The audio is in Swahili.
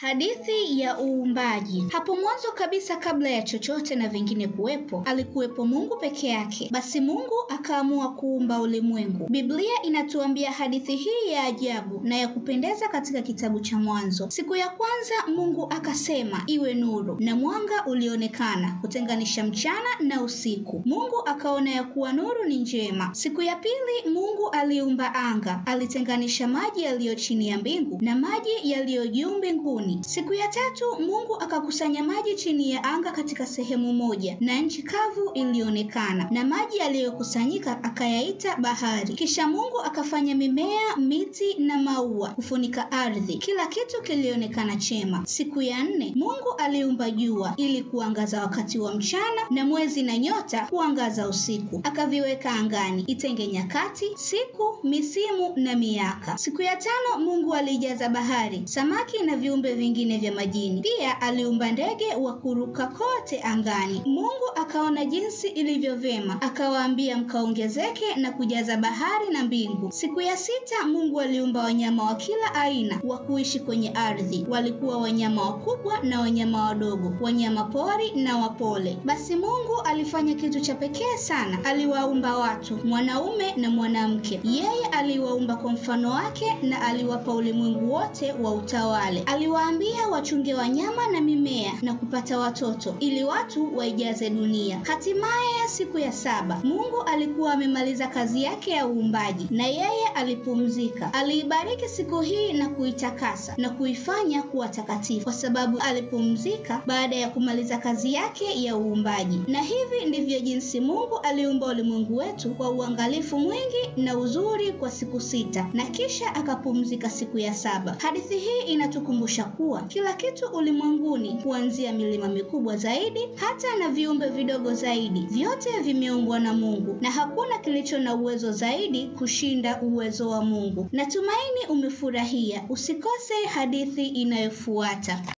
Hadithi ya uumbaji. Hapo mwanzo kabisa, kabla ya chochote na vingine kuwepo, alikuwepo Mungu peke yake. Basi Mungu akaamua kuumba ulimwengu. Biblia inatuambia hadithi hii ya ajabu na ya kupendeza katika kitabu cha Mwanzo. Siku ya kwanza Mungu akasema, iwe nuru, na mwanga ulionekana kutenganisha mchana na usiku. Mungu akaona ya kuwa nuru ni njema. Siku ya pili Mungu aliumba anga, alitenganisha maji yaliyo chini ya mbingu na maji yaliyo juu mbinguni mbinguni. Siku ya tatu Mungu akakusanya maji chini ya anga katika sehemu moja, na nchi kavu ilionekana, na maji yaliyokusanyika akayaita bahari. Kisha Mungu akafanya mimea, miti na maua kufunika ardhi, kila kitu kilionekana chema. Siku ya nne Mungu aliumba jua ili kuangaza wakati wa mchana na mwezi na nyota kuangaza usiku, akaviweka angani itenge nyakati, siku, misimu na miaka. Siku ya tano Mungu alijaza bahari samaki na viumbe vingine vya majini. Pia aliumba ndege wa kuruka kote angani. Mungu akaona jinsi ilivyo vema, akawaambia mkaongezeke na kujaza bahari na mbingu. Siku ya sita Mungu aliumba wanyama wa kila aina wa kuishi kwenye ardhi. Walikuwa wanyama wakubwa na wanyama wadogo, wanyama pori na wapole. Basi Mungu alifanya kitu cha pekee sana. Aliwaumba watu, mwanaume na mwanamke. Yeye aliwaumba kwa mfano wake na aliwapa ulimwengu wote wa utawale. Aliwa Waambie wachunge wanyama na mimea na kupata watoto ili watu waijaze dunia. Hatimaye siku ya saba Mungu alikuwa amemaliza kazi yake ya uumbaji, na yeye alipumzika. Aliibariki siku hii na kuitakasa na kuifanya kuwa takatifu, kwa sababu alipumzika baada ya kumaliza kazi yake ya uumbaji. Na hivi ndivyo jinsi Mungu aliumba ulimwengu wetu kwa uangalifu mwingi na uzuri kwa siku sita, na kisha akapumzika siku ya saba. Hadithi hii inatukumbusha kuwa kila kitu ulimwenguni, kuanzia milima mikubwa zaidi hata na viumbe vidogo zaidi, vyote vimeumbwa na Mungu na hakuna kilicho na uwezo zaidi kushinda uwezo wa Mungu. Natumaini umefurahia. Usikose hadithi inayofuata.